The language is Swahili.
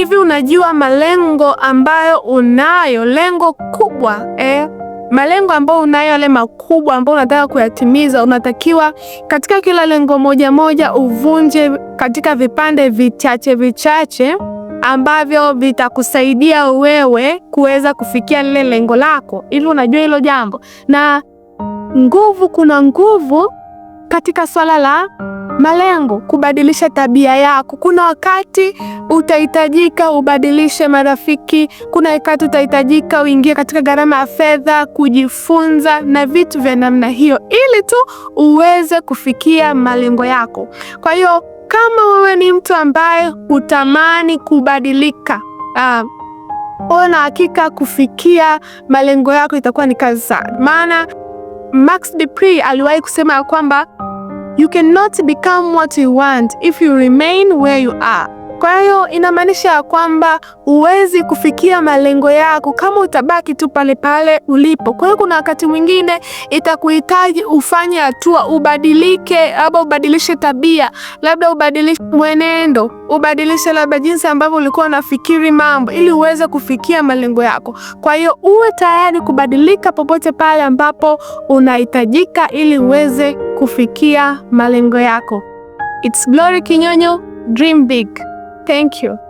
hivi unajua malengo ambayo unayo, lengo kubwa eh? malengo ambayo unayo yale makubwa ambayo unataka kuyatimiza, unatakiwa katika kila lengo moja moja uvunje katika vipande vichache vichache ambavyo vitakusaidia wewe kuweza kufikia lile lengo lako, ili unajua hilo jambo. Na nguvu, kuna nguvu katika swala la Malengo: kubadilisha tabia yako. Kuna wakati utahitajika ubadilishe marafiki, kuna wakati utahitajika uingie katika gharama ya fedha, kujifunza na vitu vya namna hiyo, ili tu uweze kufikia malengo yako. Kwa hiyo kama wewe ni mtu ambaye hutamani kubadilika, uh, ah, ona hakika kufikia malengo yako itakuwa ni kazi sana, maana Max dpr aliwahi kusema ya kwamba You cannot become what you want if you remain where you are. Kwa hiyo inamaanisha ya kwamba huwezi kufikia malengo yako kama utabaki tu pale pale ulipo. Kwa hiyo kuna wakati mwingine itakuhitaji ufanye hatua, ubadilike, labda ubadilishe tabia, labda ubadilishe mwenendo, ubadilishe labda jinsi ambavyo ulikuwa unafikiri mambo, ili uweze kufikia malengo yako. Kwa hiyo uwe tayari kubadilika popote pale ambapo unahitajika, ili uweze kufikia malengo yako. It's Glory Kinyonyo, dream big. Thank you.